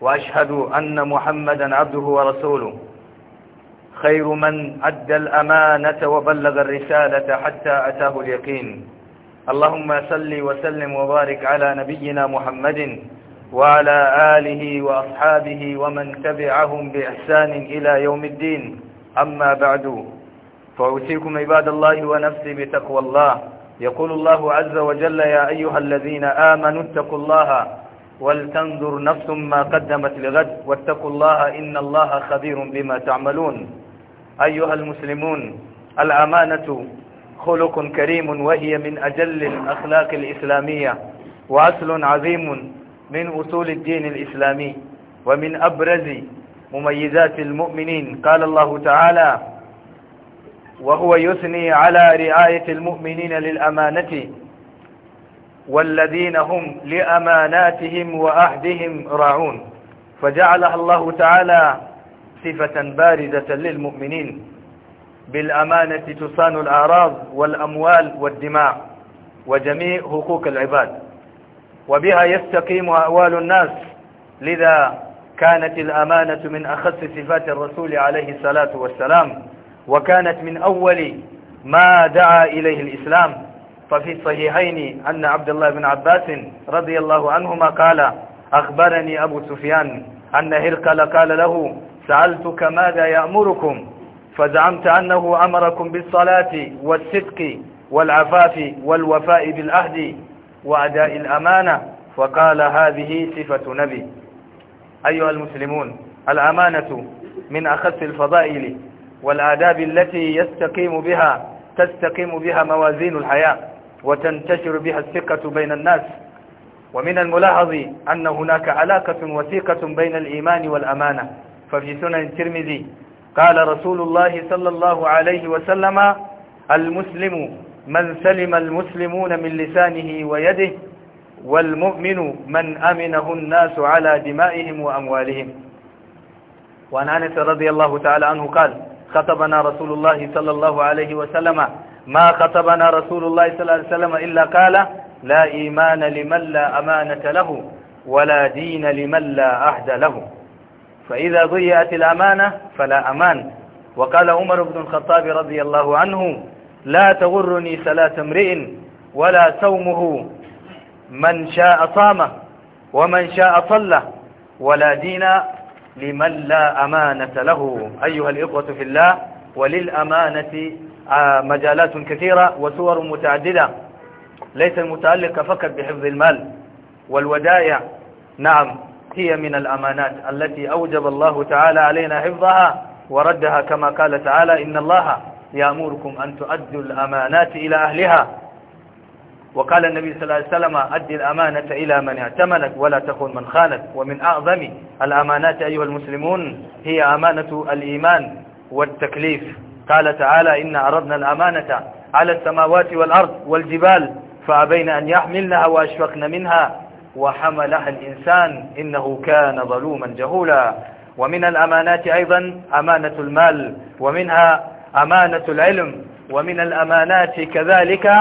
وأشهد أن محمدا عبده ورسوله خير من أدى الأمانة وبلغ الرسالة حتى أتاه اليقين اللهم صل وسلم وبارك على نبينا محمد وعلى آله وأصحابه ومن تبعهم بإحسان إلى يوم الدين أما بعد فأوصيكم عباد الله ونفسي بتقوى الله يقول الله عز وجل يا أيها الذين آمنوا اتقوا الله ولتنظر نفس ما قدمت لغد واتقوا الله إن الله خبير بما تعملون أيها المسلمون الأمانة خلق كريم وهي من أجل الأخلاق الإسلامية وأصل عظيم من أصول الدين الإسلامي ومن أبرز مميزات المؤمنين قال الله تعالى وهو يثني على رعاية المؤمنين للأمانة والذين هم لأماناتهم وعهدهم راعون فجعلها الله تعالى صفة باردة للمؤمنين بالأمانة تصان الأعراض والأموال والدماء وجميع حقوق العباد وبها يستقيم أعوال الناس لذا كانت الأمانة من أخص صفات الرسول عليه الصلاة والسلام وكانت من أول ما دعا إليه الإسلام ففي الصحيحين أن عبد الله بن عباس رضي الله عنهما قال أخبرني أبو سفيان أن هرقل قال له سألتك ماذا يأمركم فزعمت أنه أمركم بالصلاة والصدق والعفاف والوفاء بالعهد وأداء الأمانة وقال هذه صفة نبي أيها المسلمون الأمانة من أخص الفضائل والآداب التي يستقيم بها تستقيم بها موازين الحياة وتنتشر بها الثقة بين الناس ومن الملاحظ أن هناك علاقة وثيقة بين الإيمان والأمانة ففي سنن الترمذي قال رسول الله صلى الله عليه وسلم المسلم من سلم المسلمون من لسانه ويده والمؤمن من أمنه الناس على دمائهم وأموالهم وعن أنس رضي الله تعالى عنه قال خطبنا رسول الله صلى الله عليه وسلم ما خطبنا رسول الله صلى الله عليه وسلم إلا قال لا إيمان لمن لا أمانة له ولا دين لمن لا عهد له فإذا ضيأت الأمانة فلا أمان وقال عمر بن الخطاب رضي الله عنه لا تغرني سلاة امرئ ولا صومه من شاء صامه ومن شاء صلى ولا دين لمن لا أمانة له أيها الإخوة في الله وللأمانة آه، مجالات كثيرة وصور متعددة ليس المتعلقة فقط بحفظ المال والودائع نعم هي من الأمانات التي أوجب الله تعالى علينا حفظها وردها كما قال تعالى إن الله يأمركم أن تؤدوا الأمانات إلى أهلها وقال النبي صلى الله عليه وسلم أد الأمانة إلى من اعتمنك ولا تخون من خانك ومن أعظم الأمانات أيها المسلمون هي أمانة الإيمان والتكليف قال تعالى إن أردنا الأمانة على السماوات والأرض والجبال فأبين أن يحملنها وأشفقن منها وحملها الإنسان إنه كان ظلوما جهولا ومن الأمانات أيضا أمانة المال ومنها أمانة العلم ومن الأمانات كذلك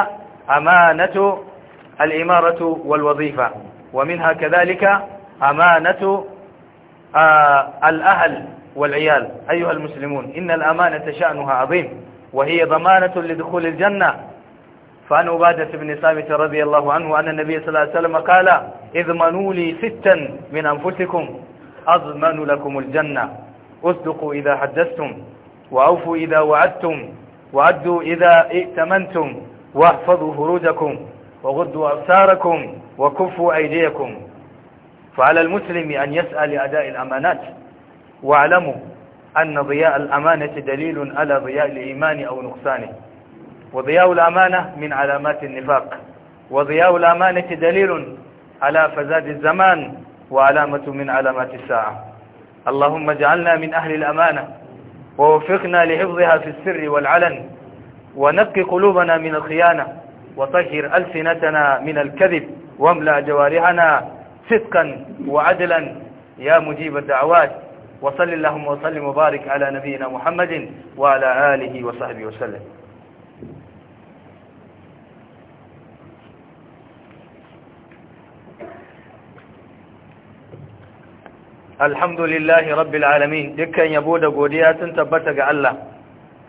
أمانة الإمارة والوظيفة ومنها كذلك أمانة آه، الأهل والعيال أيها المسلمون إن الأمانة شأنها عظيم وهي ضمانة لدخول الجنة فعن عبادة بن ثابت رضي الله عنه أن النبي صلى الله عليه وسلم قال اضمنوا لي ستا من أنفسكم أضمن لكم الجنة اصدقوا إذا حدثتم وأوفوا إذا وعدتم وعدوا إذا ائتمنتم واحفظوا فروجكم وغدوا أبصاركم وكفوا أيديكم فعلى المسلم أن يسأل أداء الأمانات واعلموا أن ضياء الأمانة دليل على ضياء الإيمان أو نقصانه وضياء الأمانة من علامات النفاق وضياء الأمانة دليل على فزاد الزمان وعلامة من علامات الساعة اللهم اجعلنا من أهل الأمانة ووفقنا لحفظها في السر والعلن ونقي قلوبنا من الخيانة وطهر ألسنتنا من الكذب واملأ جوارحنا صدقا وعدلا يا مجيب الدعوات وصل اللهم وسلم وبارك على نبينا محمد وعلى آله وصحبه وسلم alhamdulillahi rabbil alamin dukkan yabo da godiya sun tabbata ga Allah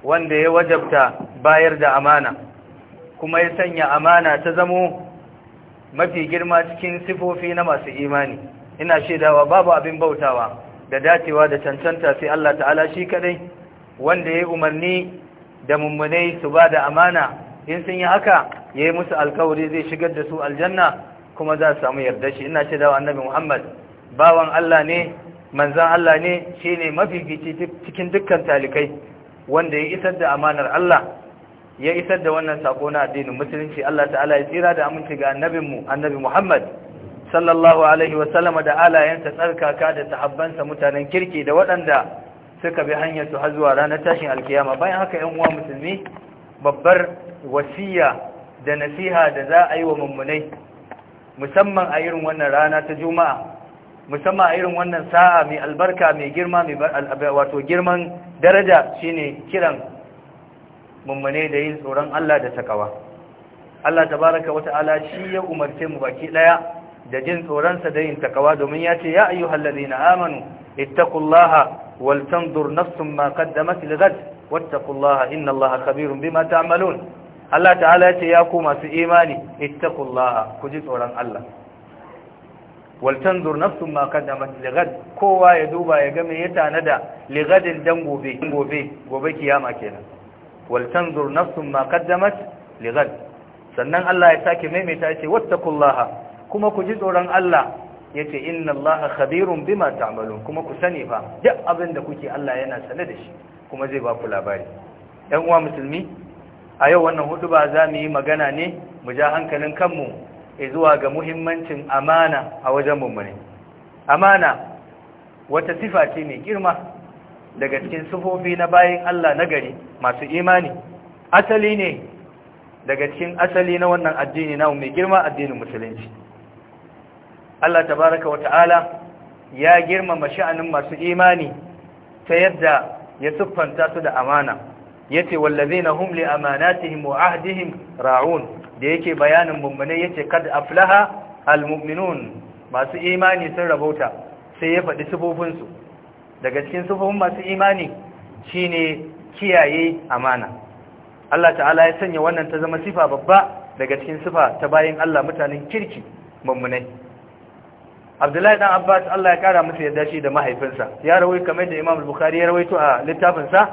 wanda ya wajabta bayar da amana kuma ya sanya amana ta zamo mafi girma cikin sifofi na masu imani ina shaidawa babu abin bautawa da dacewa da cancanta sai Allah ta'ala shi kadai wanda ya umarni da mummunai su ba da amana in sun yi haka ya yi musu alkawari zai shigar da su aljanna kuma za su samu yarda shi ina ce dawa annabi muhammad bawan Allah ne manzan Allah ne shi ne mafifici cikin dukkan talikai wanda ya isar da amanar Allah ya isar da wannan sako na addinin musulunci Allah ta'ala ya tsira da aminci ga annabinmu annabi muhammad sallallahu alaihi wasallama da alayensa tsarkaka da sahabbansa mutanen kirki da waɗanda suka bi hanyar su har zuwa ranar tashin alkiyama bayan haka yan uwa musulmi babbar wasiya da nasiha da za a yi wa mummunai musamman a irin wannan rana ta juma'a musamman a irin wannan sa'a mai albarka mai girma mai wato girman daraja shine kiran mummune da yin tsoron Allah da takawa Allah tabaraka wata'ala shi ya umarce mu baki daya da jin tsoronsa da yin takawa domin ya ce ya ayyuhal ladina amanu ittaqullaha wal tanzur nafsun ma qaddamat inna wattaqullaha innallaha bi mata ta'malun Allah ta'ala ya ce ya ku masu imani ittaqullaha ku ji tsoron Allah wal tanzur ma kaddamas lighad kowa ya duba ya ga ya tanada lighadin dan gobe gobe gobe kiyama kenan wal tanzur ma kaddamas lighad sannan Allah ya sake maimaita ya ce wattaqullaha kuma ku ji tsoron Allah ya yace inna a khabirun bima ta'malun kuma ku sani fa duk abin da kuke Allah yana sane da shi kuma zai ba ku labari ɗan uwa musulmi a yau wannan hudu ba za mu yi magana ne mu ja hankalin kanmu zuwa ga muhimmancin amana a wajen ne amana wata sifa ce mai girma daga cikin sifofi na bayin Allah na gari masu imani asali ne daga cikin asali na wannan addini na mai girma addinin musulunci Allah tabaraka wa ta'ala ya girmama sha'anin masu imani ta yadda ya siffanta su da amana yace wallazina hum li amanatihim wa ahdihim ra'un da yake bayanin mummune yace kad aflaha almu'minun masu imani sun rabauta sai ya faɗi sifofin su daga cikin sifofin masu imani shine kiyaye amana Allah ta'ala ya sanya wannan ta zama sifa babba daga cikin sifa ta bayin Allah mutanen kirki mummunai abdullahi dan abbas Allah ya kara masa yadda shi da mahaifinsa ya rawai kamar da imam bukhari ya rawaito a littafinsa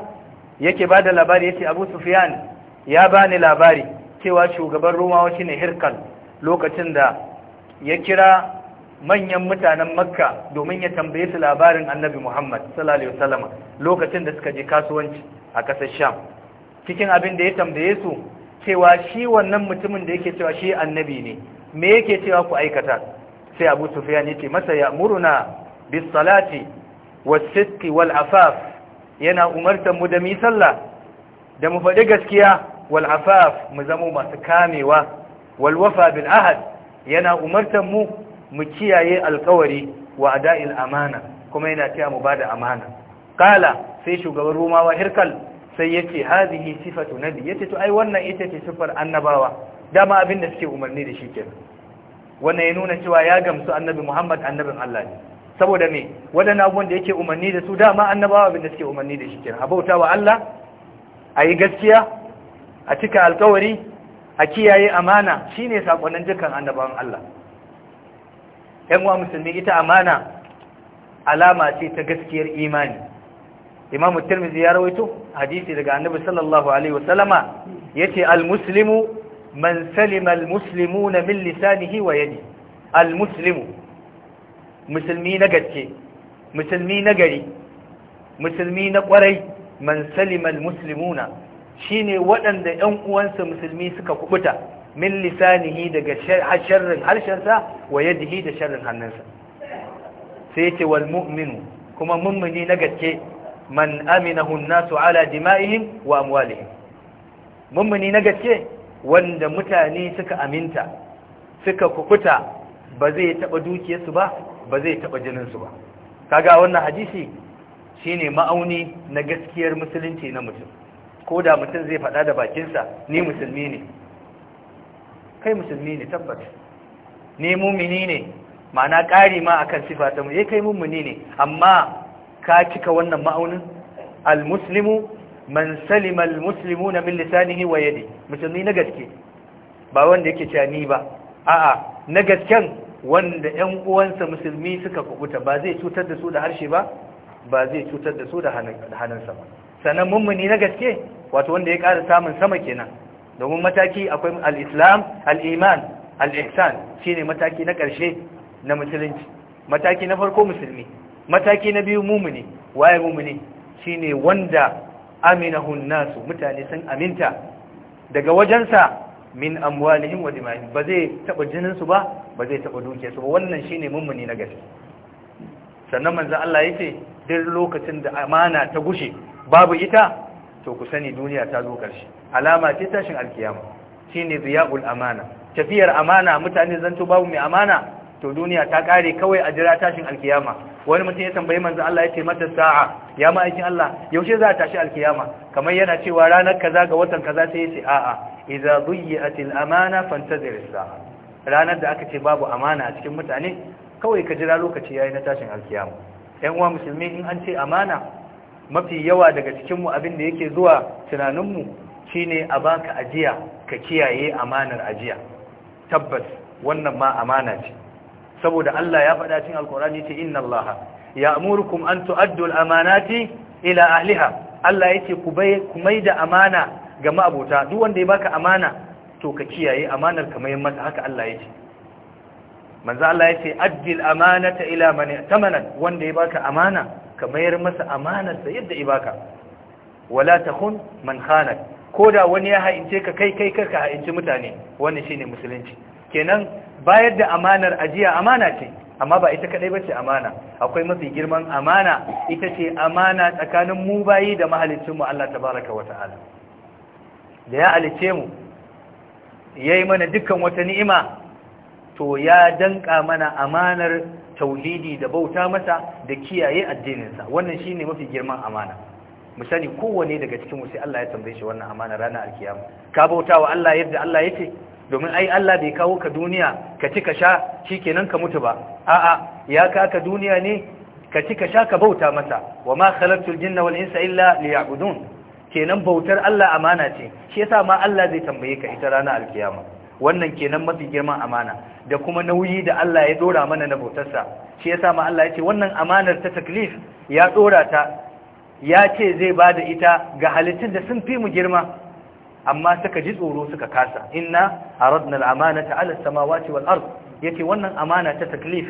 yake ba da labari yace abu sufyan ya bani labari cewa shugaban romawa ne hirkal lokacin da ya kira manyan mutanen makka domin ya tambaye su labarin annabi muhammad sallallahu alaihi lokacin da suka je kasuwanci a kasar sham cikin abin da ya tambaye su cewa shi wannan mutumin da yake cewa shi annabi ne me yake cewa ku aikata sai abu sufyan yake masa ya'muruna bis salati was wal afaf yana umartan mu da mi sallah da mu faɗi gaskiya wal afaf mu zamo masu kamewa wal wafa bil ahad yana umartan mu mu kiyaye alkawari wa ada'il amana kuma yana ta mu bada amana kala sai shugaban rumawa hirkal sai yace hadhihi sifatu nabi yace to ai wannan ita ce sifar annabawa dama abin da suke umarni da shi kenan wannan ya nuna cewa ya gamsu annabi Muhammad annabin Allah ne saboda me wadannan abubuwan da yake umarni da su dama annabawa abin da suke umarni da shi kenan abauta wa Allah ayi gaskiya a cika alkawari a kiyaye amana shine sakonnin dukkan annabawan Allah ƴan uwa musulmi ita amana alama ce ta gaskiyar imani imamu tirmidhi ya rawaito hadisi daga annabi sallallahu alaihi wasallama yace al-muslimu man salima almuslimuna min lisanihi wa yadi almuslimu musulmi na gaske musulmi na gari musulmi na kwarai man salima almuslimuna shine waɗanda ƴan uwansa musulmi suka kubuta min lisanihi daga sharrin harshensa wa yadihi da sharrin hannunsa sai yake wal mu'minu kuma mummuni na gaske man aminahu an-nasu ala dima'ihim wa amwalihim mummuni na gaske wanda mutane suka aminta suka kukuta ba zai taba dukiyarsu ba ba zai taba jininsu ba kaga wannan hadisi shine ma'auni na gaskiyar musulunci na mutum ko da mutum zai faɗa da bakinsa ni musulmi ne kai musulmi ne tabbata ni mumini ne ma'ana ƙari ma akan sifa ta mu eh kai mumini ne amma ka cika wannan ma'aunin al-muslimu man salima almuslimuna min lisanihi wa yadi musulmi na gaske ba wanda yake cewa ni ba a'a na gasken wanda ƴan uwansa musulmi suka kubuta ba zai cutar da su da harshe ba ba zai cutar da su da hannunsa ba sannan mummuni na gaske wato wanda ya ƙara samun sama kenan domin mataki akwai al-islam al-iman al-ihsan shine mataki na ƙarshe na musulunci mataki na farko musulmi mataki na biyu mumuni waye mumuni shine wanda aminahun nasu mutane sun aminta daga wajensa min amwalihim wa dima'ihim ba zai taba jinin su ba ba zai taba dukiyarsu ba wannan shine mummuni na gaske sannan manzo Allah yace duk lokacin da amana ta gushe babu ita to ku sani duniya ta zo karshe alama ce tashin alkiyama shine ziyaul amana tafiyar amana mutane zanto babu mai amana to duniya ta kare kawai a jira tashin alkiyama wani mutum ya tambayi manzo Allah ya ce mata sa'a ya ma'aikin Allah yaushe za a tashi alkiyama kamar yana cewa ranar kaza ga watan kaza sai yace a a'a idza dhiyyatil amana fantazir saa ranar da aka ce babu amana a cikin mutane kawai ka jira lokaci yayi na tashin alkiyama ɗan uwa musulmi in an ce amana mafi yawa daga cikin mu abin da yake zuwa tunanin mu shine a baka ajiya ka kiyaye amanar ajiya tabbas wannan ma amana ce saboda Allah ya faɗa cikin alkurani ce inna Allah ya amurkum an tu'addu al-amanati ila ahliha Allah yace ku bai ku maida amana ga ma'abota duk wanda ya baka amana to ka kiyaye amanar ka mai masa haka Allah yace manzo Allah yace addil amanata ila man tamana wanda ya baka amana ka mayar masa amanar sa yadda ya baka wala takhun man Ko koda wani ya haince ka kai kai ka haince mutane wannan shine musulunci kenan bayar da amanar ajiya amana ce amma ba ita kadai bace amana akwai mafi girman amana ita ce amana tsakanin mu bayi da mahalicin mu Allah tabaraka wataala da ya alice mu yayi mana dukkan wata ni'ima to ya danka mana amanar tauhidi da bauta masa da kiyaye addininsa wannan shine mafi girman amana mu sani kowane daga cikin mu sai Allah ya tambaye shi wannan amana ranar alkiyama ka bautawa Allah yadda Allah yake domin ai Allah bai kawo ka duniya ka ci ka sha kenan ka mutu ba a'a ya ka ka duniya ne ka ci ka sha ka bauta masa wa ma khalaqtul jinna wal insa illa liya'budun kenan bautar Allah amana ce shi yasa ma Allah zai tambaye ka ita ranar alkiyama wannan kenan mafi girman amana da kuma nauyi da Allah ya dora mana na bautarsa shi yasa ma Allah ya wannan amanar ta taklif ya dora ta ya ce zai bada ita ga halittun da sun fi mu girma amma suka ji tsoro suka kasa inna aradna al-amanata ala as-samawati wal ard yace wannan amana ta taklif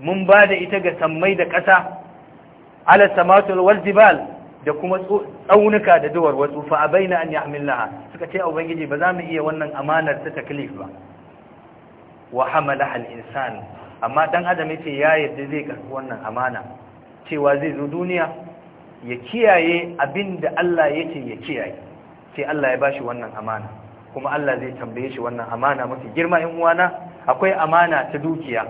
mun ba da ita ga sammai da kasa ala as-samawati wal jibal da kuma tsaunuka da duwar wasu fa abaina an yahmilaha suka ce ubangiji ba za mu iya wannan amanar ta taklif ba wa hamalaha al-insan amma dan adam yace ya yadda zai karbi wannan amana cewa zai zo duniya ya kiyaye abinda Allah yake ya kiyaye sai Allah ya bashi wannan amana kuma Allah zai tambaye shi wannan amana mafi girma in uwana akwai amana ta dukiya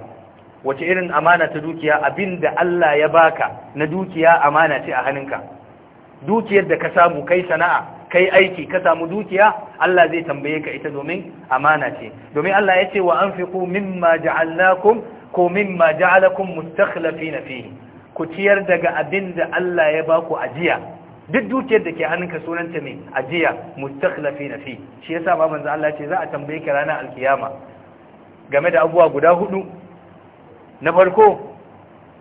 wace irin amana ta dukiya abinda Allah ya baka na dukiya amana ce a hannunka dukiyar da ka samu kai sana'a kai aiki ka samu dukiya Allah zai tambaye ka ita domin amana ce domin Allah ya ce wa anfiqu mimma ja'alnakum ko mimma ja'alakum mustakhlifina fihi ku ciyar daga abinda Allah ya baku ajiya duk dukiyar da ke hannunka sunanta mai ajiya mustakhlafi na fi shi yasa ba manzo Allah ce za a tambaye ka ranar alkiyama game da abuwa guda hudu na farko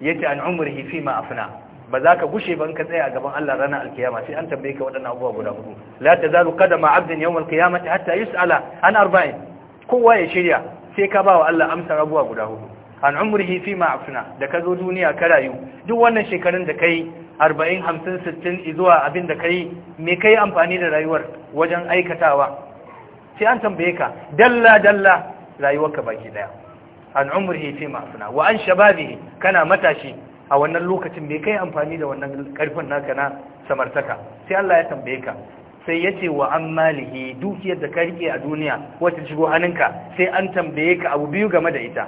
yace an umrihi fi ma afna ba za ka gushe in ka tsaya a gaban Allah ranar alkiyama sai an tambaye ka waɗannan abuwa guda hudu la tazalu qadama abdin yawm alqiyamati hatta yus'ala an arba'in kowa ya shirya sai ka bawa Allah amsar abuwa guda hudu an umrihi fi ma afna da ka zo duniya ka rayu duk wannan shekarun da kai arba'in hamsin sittin zuwa abin da kai me ka amfani da rayuwar wajen aikatawa sai an tambaye ka dalla dalla rayuwarka baki daya an umrihi fi ma'asna wa an shababihi kana matashi a wannan lokacin me kai amfani da wannan karfin naka na samartaka sai Allah ya tambaye ka sai yace wa an malihi dukiyar da ka rike a duniya wacce shigo hannunka sai an tambaye ka abu biyu game da ita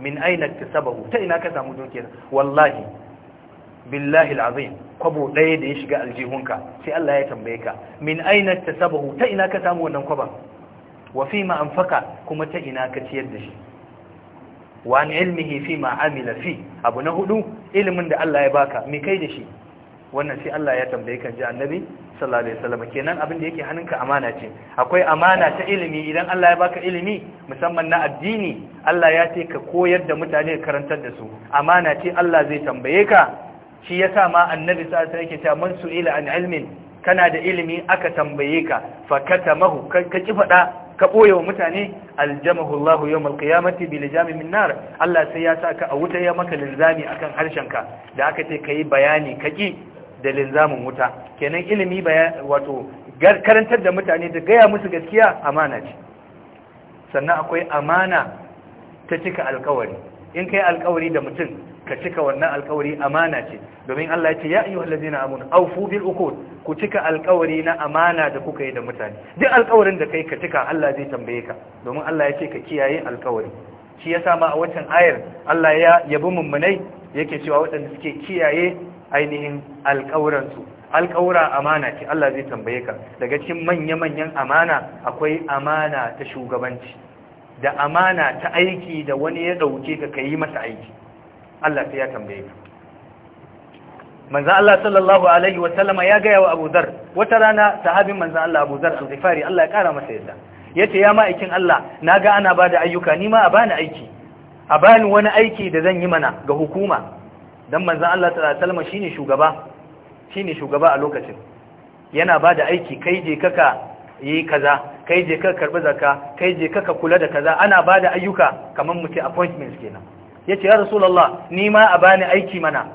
min aina tasabahu ta ina ka samu dukiyar wallahi billahi alazim kwabo ɗaya da ya shiga aljihunka sai Allah ya tambaye ka min aina tasabahu ta ina ka samu wannan kwaban wa fi ma anfaka kuma ta ina ka ciyar da shi wa an ilmihi fi ma amila fi abu na hudu ilimin da Allah ya baka me kai da shi wannan sai Allah ya tambaye ka ji annabi sallallahu alaihi wasallam kenan abin da yake hannunka amana ce akwai amana ta ilimi idan Allah ya baka ilimi musamman na addini Allah ya ce ka koyar da mutane karantar da su amana ce Allah zai tambaye ka shi sa ma annabi sa sai yake cewa man su'ila an ilmin kana da ilimi aka tambaye ka fa katamahu ka ki fada ka boye wa mutane aljamahu Allah yawm alqiyamati bil jami min nar Allah sai ya sa ka a wuta ya maka linzami akan harshenka da aka ce kai bayani kaki da linzamin wuta kenan ilimi wato karantar da mutane da gaya musu gaskiya amana ce sannan akwai amana ta cika alkawari in kai alkawari da mutum ka cika wannan alkawari amana ce domin Allah ya ce ya ayyuhal ladina amanu awfu bil uqud ku cika alkawari na amana da kuka yi da mutane duk alkawarin da kai ka cika Allah zai tambaye ka domin Allah ya ce ka kiyaye alkawari shi yasa ma a wancan ayar Allah ya yabi mummunai yake cewa waɗanda suke kiyaye ainihin alkawuran su alkawura amana ce Allah zai tambaye ka daga cikin manya-manyan amana akwai amana ta shugabanci da amana ta aiki da wani ya dauke ka kai masa aiki Allah sai ya tambaye ka manzan Allah sallallahu alaihi wa sallama ya gaya wa Abu Dhar wata rana sahabin manzan Allah Abu Dhar al-Ghifari Allah ya kara masa yadda yace ya ma'aikin Allah naga ana bada ayyuka ni ma a bani aiki a bani wani aiki da zan yi mana ga hukuma dan manzan Allah sallallahu alaihi wa sallama shine shugaba shine shugaba a lokacin yana bada aiki kai je kaka yi kaza kai je ka karbi zakka kai je kaka kula da kaza ana bada ayyuka kaman mutum appointments kenan ya ce ya rasulallah nima a bani aiki mana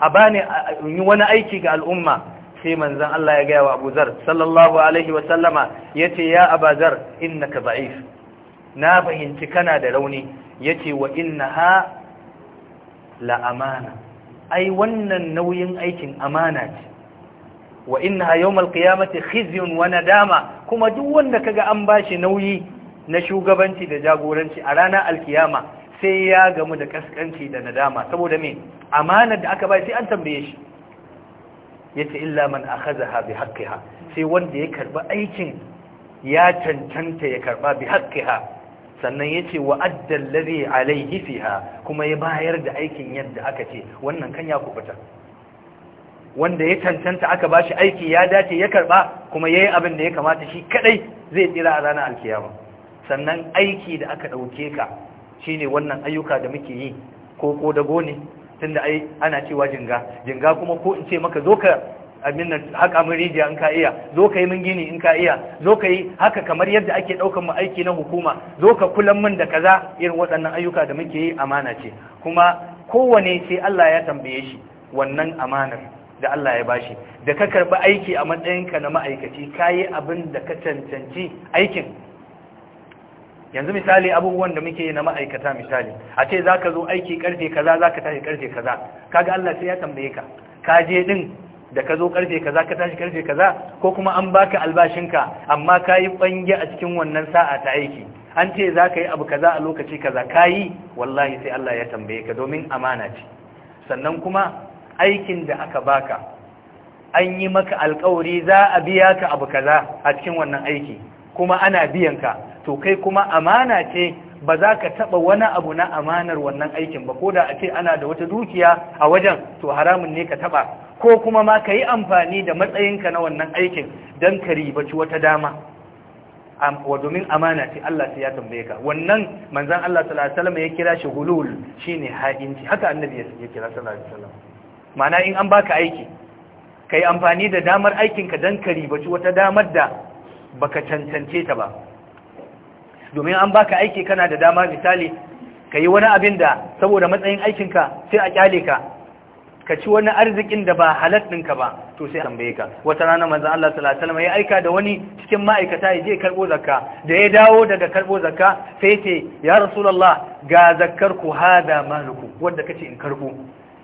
a bani yi wani aiki ga al'umma sai manzan Allah ya gaya wa abu zar sallallahu alaihi wasallama ya ce ya abazar ka za'if na fahimci kana da rauni ya ce wa inna ha la'amana ai wannan nauyin aikin amana ce wa inna ha yau malkiyamata khizyun wa nadama kuma duk wanda kaga an bashi nauyi na shugabanci da jagoranci a ranar alkiyama sai ya gamu da kaskanci da nadama saboda me amanar da aka bai sai an tambaye shi yace illa man akhazaha bi haqqiha sai wanda ya karba aikin ya cancanta ya karba bi haqqiha sannan yace wa adda alladhi alayhi fiha kuma ya bayar da aikin yadda aka ce wannan kan ya kubuta wanda ya cancanta aka bashi aiki ya dace ya karba kuma yayi abin da ya kamata shi kadai zai tsira a ranar alkiyama sannan aiki da aka dauke ka Shi ne wannan ayyuka da muke yi ko ko dago ne tun da ana cewa jinga jinga kuma ko in ce maka zo ka abin haka mun rijiya in ka iya zo ka yi mun gini in ka iya zo ka yi haka kamar yadda ake ɗaukan mu aiki na hukuma zo ka kulan mun da kaza irin waɗannan ayyuka da muke yi amana ce kuma kowane sai Allah ya tambaye shi wannan amanar da Allah ya bashi da ka karɓi aiki a matsayinka na ma'aikaci ka yi abin da ka cancanci aikin yanzu misali abubuwan da muke na ma'aikata misali a ce za ka zo aiki karfe kaza za ka tashi karfe kaza kaga Allah sai ya tambaye ka ka je din da ka zo karfe kaza ka tashi karfe kaza ko kuma an baka albashinka amma ka yi kwange a cikin wannan sa'a ta aiki an ce za ka yi abu kaza a lokaci kaza ka yi wallahi sai Allah ya tambaye ka domin amana ce sannan kuma aikin da aka baka an yi maka alkawari za a biya ka abu kaza a cikin wannan aiki kuma ana biyan ka to kai kuma amana ce ba za ka taɓa wani abu na amanar wannan aikin ba ko da a ce ana da wata dukiya a wajen to haramun ne ka taɓa ko kuma ma ka yi amfani da matsayinka na wannan aikin don ka ribaci wata dama wa domin amana ce Allah sai ya tambaye ka wannan manzan Allah sallallahu alaihi wasallam ya kira shi hulul shine ha'inci haka annabi ya kira sallallahu alaihi wasallam ma'ana in an baka aiki kai amfani da damar aikinka don ka ribaci wata damar da baka cancance ta ba domin an baka aiki kana da dama misali ka yi wani abin da saboda matsayin aikinka sai a kyale ka ka ci wani arzikin da ba halat ɗinka ba to sai tambaye ka wata rana manzan Allah sallallahu alaihi ya aika da wani cikin ma'aikata ya je karɓo zakka da ya dawo daga karɓo zakka sai ce ya rasulullah ga zakkar ku hada maluku wanda kace in karɓo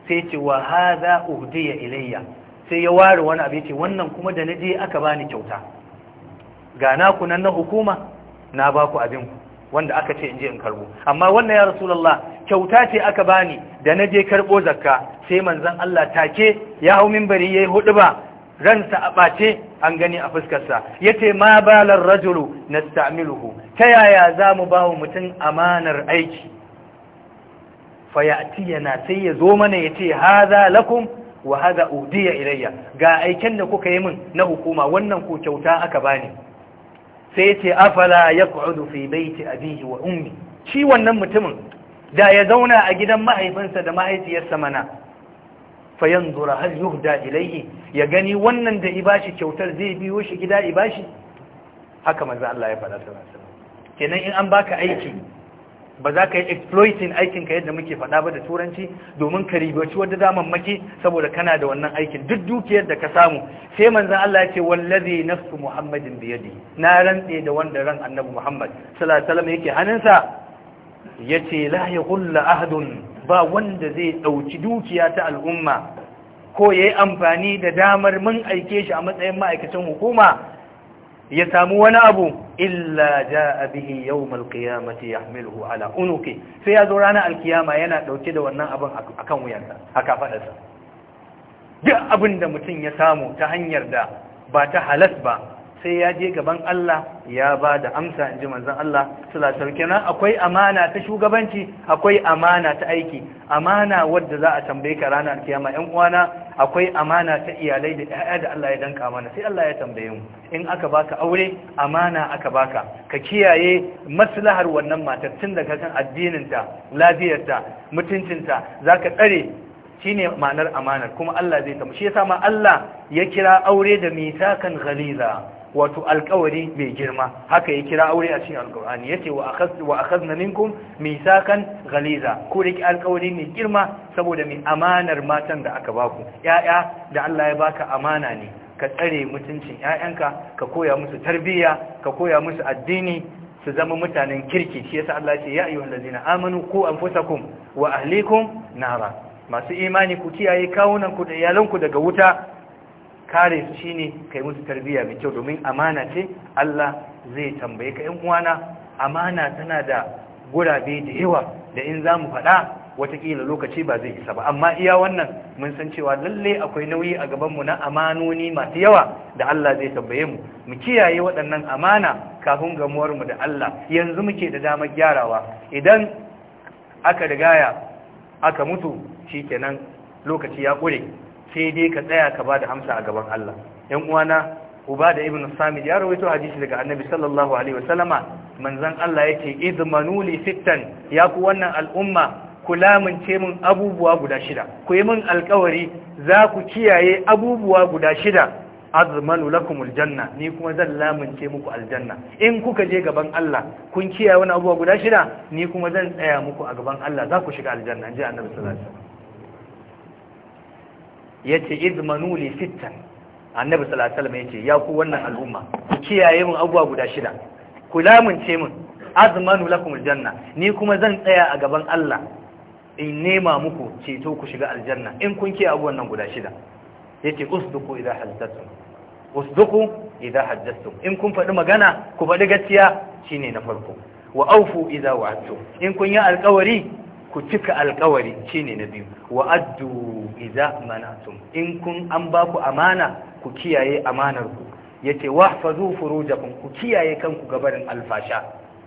sai ce wa hada uhdiya ilayya sai ya ware wani abin ce wannan kuma da na je aka bani kyauta ga naku nan na hukuma na ba ku abin ku wanda aka ce in je in karbo amma wannan ya rasulullah kyauta ce aka bani da na je karbo zakka sai manzon Allah take ya hau minbari yayi hudu ba ransa a ɓace an gani a fuskarsa ya ce ma balar rajulu na ta yaya za mu ba wa mutum amanar aiki fayati yana sai ya zo mana ya ce haza lakum wa hadha udiya ilayya ga aikin da kuka yi min na hukuma wannan ko kyauta aka bani sai ce afala yaq'udu fi baiti abihi wa ummi shi wannan mutumin da ya zauna a gidan mahaifinsa da mahaifiyarsa mana fa yanzura hal yuhda ilayhi ya gani wannan da ibashi kyautar zai biyo shi gida ibashi haka manzo Allah ya faɗa sallallahu alaihi wasallam kenan in an baka aiki ba za ka yi exploiting aikinka yadda muke faɗa ba da turanci domin ka ribaci wadda damammaki saboda kana da wannan aikin duk dukiyar da ka samu sai manzan Allah ya ce wallazi nafsu muhammadin biyadi na rantse da wanda ran annabi muhammad sallallahu alaihi wasallam yake hannunsa ce la kulla ahadun ba wanda zai dauki dukiya ta al'umma ko yayi amfani da damar mun aike shi a matsayin ma'aikacin hukuma ya samu wani abu illa a bihi yawmal qiyamati yahmiluhu ala unuki sai ya zo ranar alkiyama yana dauke da wannan abin akan wuyansa haka fadarsa duk abin da mutum ya samu ta hanyar da ba ta halas ba sai ya je gaban Allah ya ba da amsa in ji manzan Allah sulatar kenan akwai amana ta shugabanci akwai amana ta aiki amana wadda za a tambaye ka ranar kiyama yan uwana akwai amana ta iyalai da ƴaƴa da Allah ya danka mana sai Allah ya tambaye mu in aka baka aure amana aka baka ka kiyaye maslahar wannan matar tun daga kan addinin ta lafiyar ta mutuncin ta zaka tsare shine ma'anar amanar kuma Allah zai tamu shi yasa ma Allah ya kira aure da mitakan ghaliza wato alkawari mai girma haka ya kira aure a cikin alkur'ani yace wa akhadna wa akhadna minkum misakan ghaliza ko ke alkawari mai girma saboda mai amanar matan da aka baku yaya da Allah ya baka amana ne ka tsare mutuncin yayanka ka koya musu tarbiyya ka koya musu addini su zama mutanen kirki shi yasa Allah ya ce ya ayyuhallazina amanu ku anfusakum wa ahlikum nara masu imani ku kiyaye kawunan ku da iyalanku daga wuta kare su shine kai musu tarbiyya mai kyau domin amana ce Allah zai tambaye ka 'yan uwana amana tana da gurabe da yawa da in za mu faɗa watakila lokaci ba zai isa ba amma iya wannan mun san cewa lalle akwai nauyi a gabanmu na amanoni masu yawa da Allah zai tambaye mu mu kiyaye waɗannan amana kafin gamuwarmu da Allah yanzu muke da damar gyarawa idan aka rigaya aka mutu shikenan lokaci ya ƙure sai dai ka tsaya ka ba da hamsa a gaban Allah yan uwana uba da ibn samid ya rawaito hadisi daga annabi sallallahu alaihi wasallama manzon Allah yake idmanu li sittan ya ku wannan al'umma kula mun ce mun abubuwa guda shida ku yi mun alƙawari za ku kiyaye abubuwa guda shida azmanu lakumul janna ni kuma zan lamunce muku aljanna in kuka je gaban Allah kun kiyaye wani abubuwa guda shida ni kuma zan tsaya muku a gaban Allah za ku shiga aljanna ji annabi sallallahu alaihi wasallam yace izmanu li fitan annabi sallallahu alaihi wasallam ya ku wannan al'umma ku kiyaye mun abuwa guda shida ku lamunce mun azmanu lakum aljanna ni kuma zan tsaya a gaban Allah in nema muku ceto ku shiga aljanna in kun kiyaye abuwan nan guda shida yace usduqu idha haddathtum usduqu idha haddathtum in kun faɗi magana ku faɗi gaskiya shine na farko wa awfu idha wa'adtum in kun yi alƙawari ku cika alkawari shine na biyu wa addu iza manatum in kun an ba ku amana ku kiyaye amanar ku yace wahfazu furujakum ku kiyaye kanku gabarin alfasha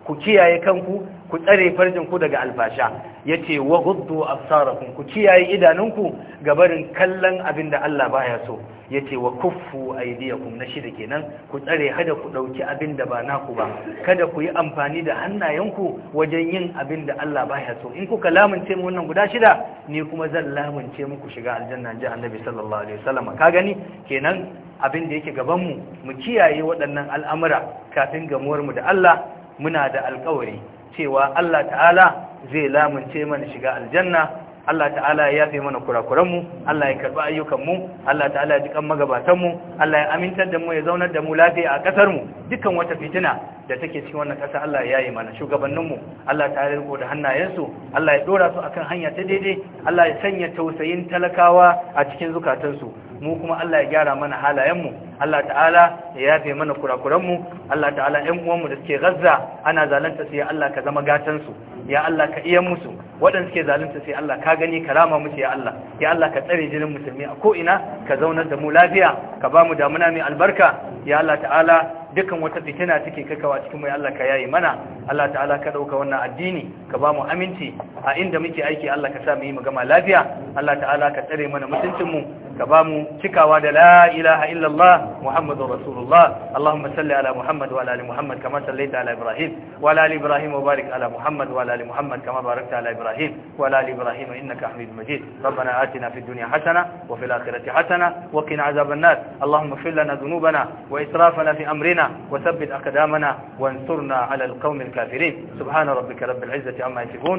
ku kiyaye kanku ku tsare farjin ku daga alfasha yace wa guddu absarakum ku kiyaye idanunku ga barin kallon abin da Allah baya so yace wa kuffu aydiyakum na shida kenan ku tsare hada ku dauki abin da ba naku ba kada ku yi amfani da hannayenku wajen yin abin da Allah baya so in kuka lamunce mu wannan guda shida ni kuma zan lamunce muku shiga aljanna ji annabi sallallahu alaihi wasallam ka gani kenan abin da yake gaban mu mu kiyaye waɗannan al'amura kafin gamuwar mu da Allah muna da alkawari cewa Allah ta'ala zai lamunce mana shiga aljanna Allah ta'ala ya yafe mana kurakuranmu Allah ya karɓi ayyukanmu Allah ta'ala ya jikan magabatanmu Allah ya amintar da mu ya zaunar da mu lafiya a ƙasarmu dukkan wata fitina da take cikin wannan ƙasa Allah ya yi mana shugabanninmu Allah ta'ala ya riko hannayensu Allah ya ɗora su akan hanya ta daidai Allah ya sanya tausayin talakawa a cikin zukatansu mu kuma Allah ya gyara mana halayenmu Allah ta'ala ya yafe mana kurakuranmu Allah ta'ala ƴan uwanmu da suke razza. ana zalunta sai Allah ka zama gatan su ya Allah ka iya musu waɗanda suke zalunta sai Allah ka gani ka rama musu ya Allah ya Allah ka tsare jinin musulmi a ko ina ka zaunar da mu lafiya ka ba mu damuna mai albarka ya Allah ta'ala dukkan wata fitina take kakawa cikin mai Allah ka yayi mana Allah ta'ala ka dauka wannan addini ka ba mu aminci a inda muke aiki Allah ka sa mu yi mu gama lafiya Allah ta'ala ka tsare mana mutuncin mu ka ba mu cikawa da la ilaha illallah muhammadur rasulullah allahumma salli ala muhammad wa ala ali muhammad kama sallaita ala ibrahim wa ala ali ibrahim wa barik ala muhammad wa ala ali muhammad kama barakta ala ibrahim wa ala ali ibrahim innaka hamidum majid rabbana atina fid dunya hasana wa fil akhirati hasana wa qina adhaban nar allahumma ighfir lana dhunubana wa israfana fi amrina wa thabbit aqdamana wansurna ala alqawmi alkafirin subhana rabbika rabbil izzati amma yasifun